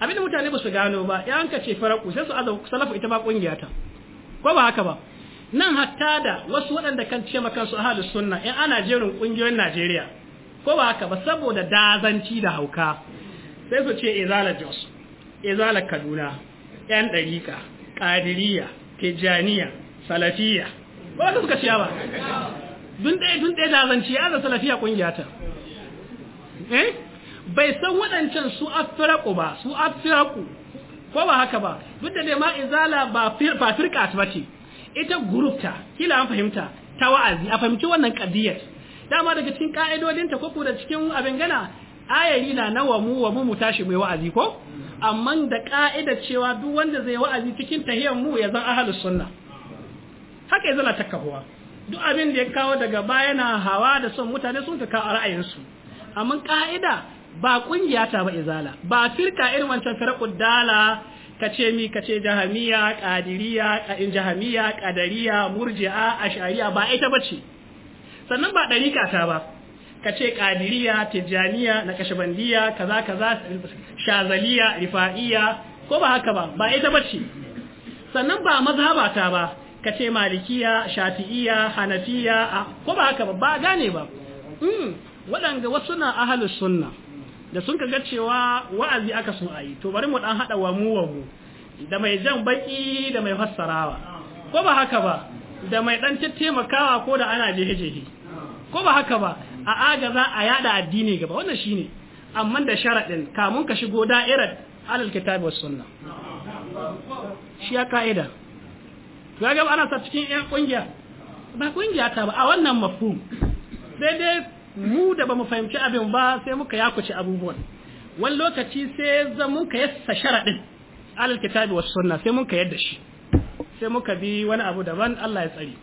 abinda mutane ba su gano ba ya ka ce faraku sai su azar salafu ita ba ƙungiya ta ko ba haka ba nan hatta da wasu waɗanda kan ce maka su ahalus sunna in ana jerin ƙungiyoyin Najeriya ko ba haka ba saboda dazanci da hauka sai su ce izala Jos izala Kaduna yan ɗariƙa ƙadiriya tijaniya salafiya ba su suka ciya ba dun ɗaya dun ɗaya dazanci ya da salafiya ƙungiya ta eh bai san waɗancan su afiraku ba su afiraku ko ba haka ba duk da dai ma izala ba firka ta bace ita gurufta kila an fahimta ta wa'azi a fahimci wannan kadiyar dama daga cikin ka'idodinta ko da cikin abin gana ayari na nawa mu wa mu mutashi tashi mai wa'azi ko amma da ka'ida cewa duk wanda zai wa'azi cikin tahiyyar mu ya zan ahlus sunna haka yanzu la takkahuwa duk abin da ya kawo daga baya na hawa da son mutane sun ka kawo ra'ayinsu amma ka'ida ba kungiya ta ba izala ba firka irin wancan firqud dala ka ce mi ka ce jahamiya ƙadiriya in jahamiya ƙadariya murji'a ashariya ba ita ba ce sannan ba ɗarika ta ba ka ce ƙadiriya tijjaniya na kashabandiya kaza kaza shazaliya rifa'iya ko ba haka ba ba ita ba ce sannan ba mazhaba ta ba ka ce malikiya shafi'iya hanafiya ko ba haka ba ba gane ba hmm, waɗanda wasu na ahalus sunna da sun ka ga cewa wa'azi aka sun ayi to bari mu dan hada wa mu wa mu da mai jan baki da mai fassarawa ko ba haka ba da mai dan taimakawa ko da ana jehejehe ko ba haka ba a aga za a yada addini gaba wannan shine amma da sharadin kamun ka shigo da'irar alal kitabi was sunna shi ya ka'ida to ga ana sa cikin yan kungiya ba kungiya ta ba a wannan mafhum sai dai mu da ba mu fahimci abin ba sai muka yakuce abubuwan wani lokaci sai zan muka yassa sharaɗin alal kitabi wasu sunna sai muka yadda shi sai muka bi wani abu daban Allah ya tsari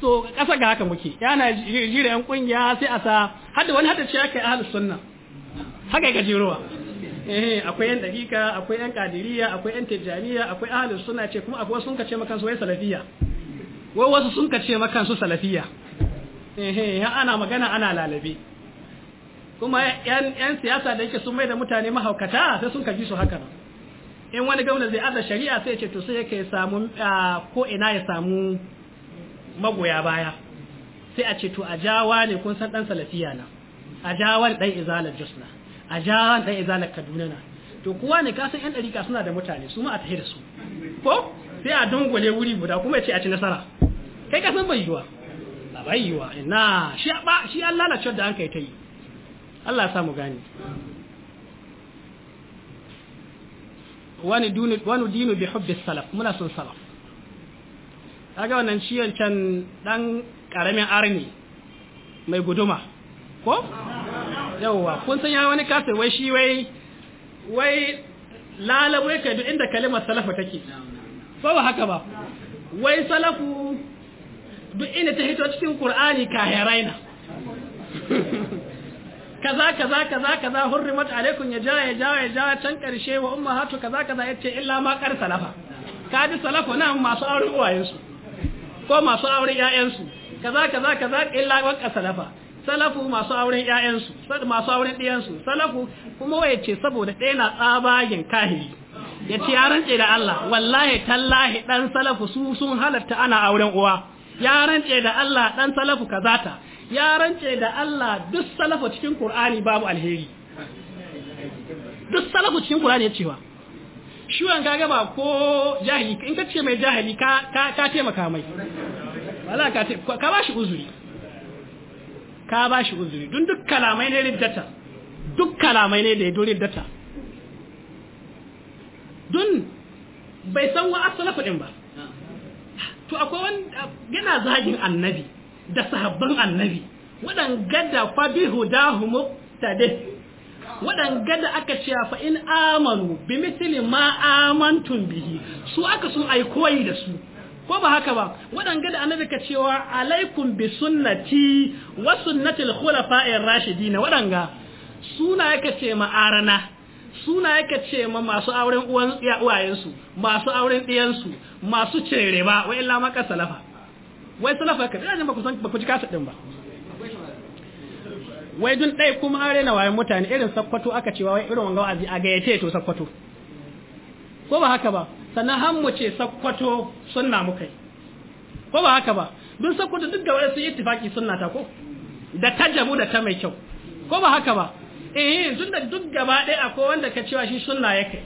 so ƙasa ga haka muke yana jira yan kungiya sai a sa hadda wani hadda ce yake ahlus sunna haka ga jiruwa eh akwai yan dakika akwai yan kadiriya akwai yan tijaniya akwai ahlus sunna ce kuma akwai sun kace makan su wai salafiya, wai wasu sun kace makan su salafiya. ya ana magana ana lalabe kuma yan siyasa da yake sun mai da mutane mahaukata sai sun kaji su haka in wani gwamna zai aza shari'a sai ce to sai yake samu ko ina ya samu magoya baya sai a ce to a jawa ne kun san dan salafiya na a jawa dan izala jusna a jawa dan izalar kaduna na to kuwa ne ka san yan dariƙa suna da mutane su ma a tahir da su ko sai a dungule wuri guda kuma ya ce a ci nasara kai ka san bai yiwa baiwa ina shi ba shi Allah na da an kai ta yi Allah samu gani wani dinu wani dinu bi hubbi salaf muna son salaf kaga wannan ciyon can dan karamin arni mai guduma ko yawwa kun san ya wani kasir wai shi wai wai lalabo yake duk inda kalimar salafa take ba haka ba wai salafu duk inda ta hito cikin qur'ani kahiraina [LAUGHS] kaza kaza kaza kaza hurrimat alaikum ya ja ya ja ya ja can karshe wa umma ummahatu kaza kaza yace illa ma kar salafa ji salafa na masu auren uwayensu ko masu auren ƴaƴansu kaza kaza kaza illa wa salafa salafu masu auren ƴaƴansu masu auren ɗiyansu salafu kuma waye ce saboda ɗaya na tsabagen kahiri ya ce ya rantse da Allah wallahi tallahi dan salafu su sun halatta ana auren uwa ya rance da Allah dan salafu kazata ya rance da Allah duk salafu cikin Qur'ani babu alheri duk salafu cikin Qur'ani ya wa shi wanga ga ba ko jahili in ka ce mai jahili ka ka taimaka mai wala ka ka ba shi uzuri ka ba shi uzuri dun duk kalamai ne riddata duk kalamai ne da dole riddata dun bai san wa asalafu din ba to akwai wanda yana zagin annabi da sahabban annabi waɗanga da fa bi waɗanga da aka ce fa in amanu bi misli ma amantum bihi su aka sun ai koyi da su ko ba haka ba waɗanga da annabi ka cewa alaikum bi sunnati wa sunnatil khulafa'ir rashidin waɗanga suna yake ce ma'arana suna yake ce ma masu auren uwan uwayensu masu auren ɗiyansu masu cere ba wai illa maka salafa wai salafa ka ina jin ba ku san ba ku ji kasa din ba wai dun dai kuma an rena wayan mutane irin sakkwato aka cewa wai irin wanga wa'azi a gayyace to sakkwato ko ba haka ba sannan han mu ce sakkwato sunna kai? ko ba haka ba dun sakkwato duk da wani sun yi ittifaki sunna ta ko da ta jamu da ta mai kyau ko ba haka ba eh yanzu da duk gaba ɗaya akwai wanda ka cewa shi sunna ya kai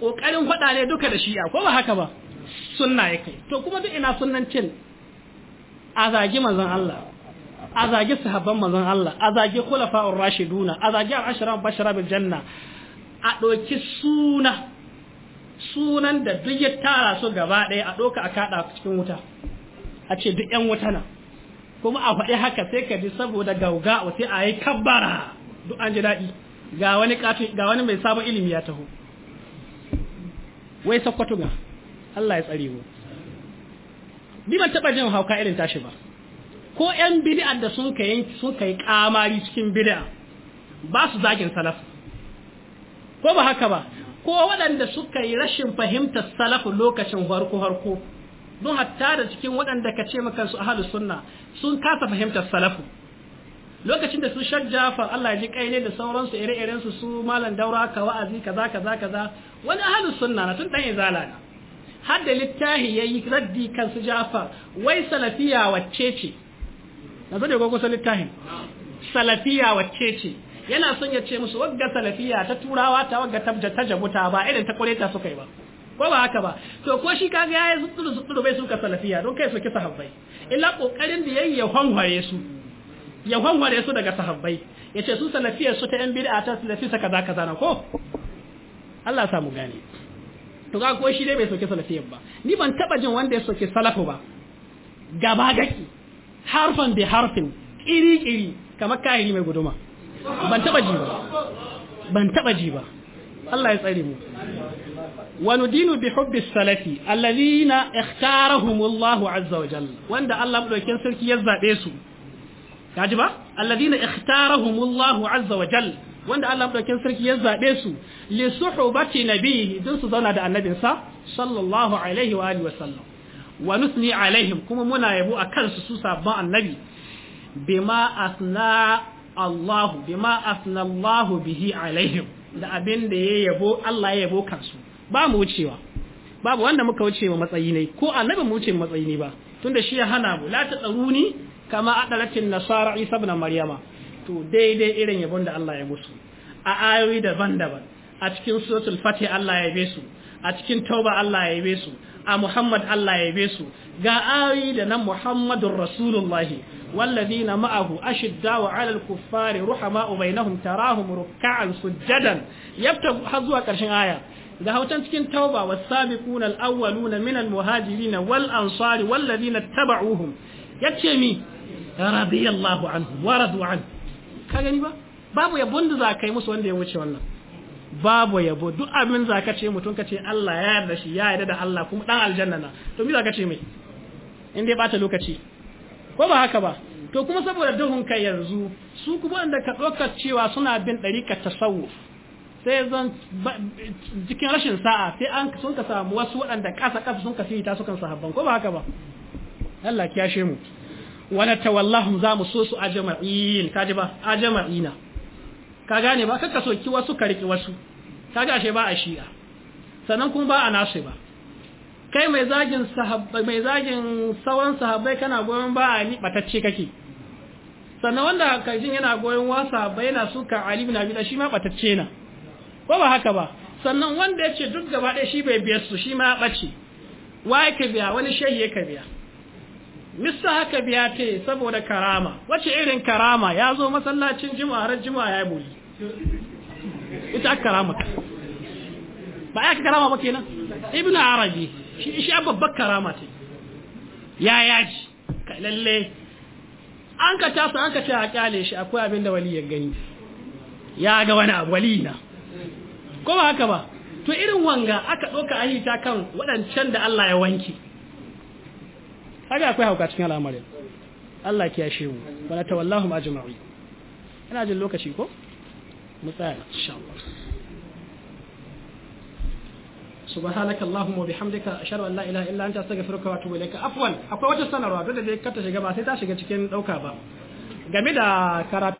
ƙoƙarin faɗa ne duka da shi ko ba haka ba sunna ya kai to kuma duk ina sunnancin a zagi manzon Allah a zagi sahabban manzon Allah a zagi khulafa'ur rashiduna a zagi al-ashra bashara bil janna a ɗauki suna sunan da duk ya tara su gaba ɗaya a ɗauka a kaɗa cikin wuta a ce duk 'yan wuta na kuma a faɗi haka sai ka ji saboda gauga sai a yi kabbara duk an ji daɗi ga wani mai sabon ilimi ya taho wai sakkwato ga Allah ya tsare mu ni ban taba jin hauka irin tashi ba ko yan bid'ar da sun kai sun kai kamari cikin bid'a ba su zagin salaf ko ba haka ba ko waɗanda suka yi rashin fahimtar salafu lokacin harko harko don hatta da cikin waɗanda ka ce maka su ahlus sunna sun kasa fahimtar salafu lokacin da su jafar Allah ya ji kaine da sauransu ire-iren su su malam daura ka wa'azi kaza kaza kaza wani ahlus sunna na tun dan izala na har da littahi yayi raddi kan su jafa wai salafiya wacce ce na zo da gogo sa salafiya wacce ce yana son ya ce musu wagga salafiya ta turawa ta wagga tabja ta jabuta ba irin ta kureta suka yi ba ko ba haka ba to ko shi kaga yayi zuturu zuturu bai suka salafiya don kai su kisa habbai illa kokarin da yayi ya hanware su ya hwanware su daga sahabbai ya ce su salafiyar su ta yan bid'a ta salafisa kaza kaza na ko Allah samu gane to ga ko shi dai bai soke salafiyar ba ni ban taba jin wanda ya soke salafu ba gaba gaki harfan bi harfin kiri kiri kamar kahiri mai guduma ban taba ji ba ban taba ji ba Allah ya tsare mu وندين بحب السلف الذين اختارهم الله عز وجل وان الله مدوكين سركي يزابه su kaji ba alladhina ikhtarahumullahu azza wa jal wanda Allah madaukin sarki ya zabe su li suhbati nabihi don su zauna da annabinsa sallallahu alaihi wa alihi wa sallam wa nusni alaihim kuma muna yabo akan su su sabban annabi bima asna Allah bima asna Allah bihi alaihim da abin da ya yabo Allah ya yabo kansu ba mu wucewa babu wanda muka wuce mu matsayi ne ko annabi mu wuce matsayi ne ba tunda shi ya hana mu la ta tsaruni kama adalatin nasara isa ibn maryama to daidai irin yabon da Allah ya musu a ayoyi daban-daban a cikin suratul fatih Allah ya yabe a cikin tauba Allah ya yabe a Muhammad Allah ya yabe ga ayoyi da nan Muhammadur Rasulullahi والذين معه أشداء على الكفار رحماء بينهم تراهم ركعا سجدا har zuwa كرشن aya da hautan cikin tauba wa sabiqun al-awwaluna min al-muhajirin wal ansari wal ladina tabauhum yace mi radiyallahu anhu wa radu an ka gani ba babu yabon da za ka yi musu wanda ya wuce wannan babu yabo duk abin za ka ce mutum ka ce Allah ya yarda shi ya yarda da Allah kuma dan aljanna na to me za ka ce mai in dai bata lokaci ko ba haka ba to kuma saboda duhun kai yanzu su kuma wanda ka ɗaukar cewa suna bin ɗarika tasawuf sai zan cikin rashin sa'a sai an sun ka samu wasu waɗanda ƙasa ƙasa sun ka fita sukan sahabban ko ba haka ba Allah kiyashe mu wani tawallahum za mu so su a jama'in kaji ba a jama'ina ka gane ba kaka soki wasu ka riƙe wasu ka gashe ba a shi'a sannan kuma ba a nasu ba kai mai zagin sahabbai mai zagin sauran sahabbai kana goyon ba ali batacce kake sannan wanda kajin yana goyon wa sahabbai yana suka ali na abi shi ma batacce na ko ba haka ba sannan wanda yace duk gaba ɗaya shi bai biyar su shi ma bace wa yake biya wani shehi yake biya mista haka biya te saboda karama wace irin karama ya zo masallacin jima'a, har jima'a ya buri. ita aka karama ba ya karama ba kenan Ibn arabi shi shi babbar karama ce ya yaji lalle an ka taso an ka ce a kyale shi akwai abin da wali ya gani ya ga wani abu wali na ko ba haka ba to irin wanga aka ɗauka ayyuka kan waɗancan da Allah ya wanke kaga akwai hauka cikin al'amarin Allah ya kiyashe mu wa natawallahum ajma'in ina jin lokaci ko mu tsaya insha Allah subhanaka allahumma wa bihamdika ashhadu an la ilaha illa anta astaghfiruka wa atubu afwan akwai wata sanarwa dole da ka ta shiga ba sai ta shiga cikin dauka ba game da karatu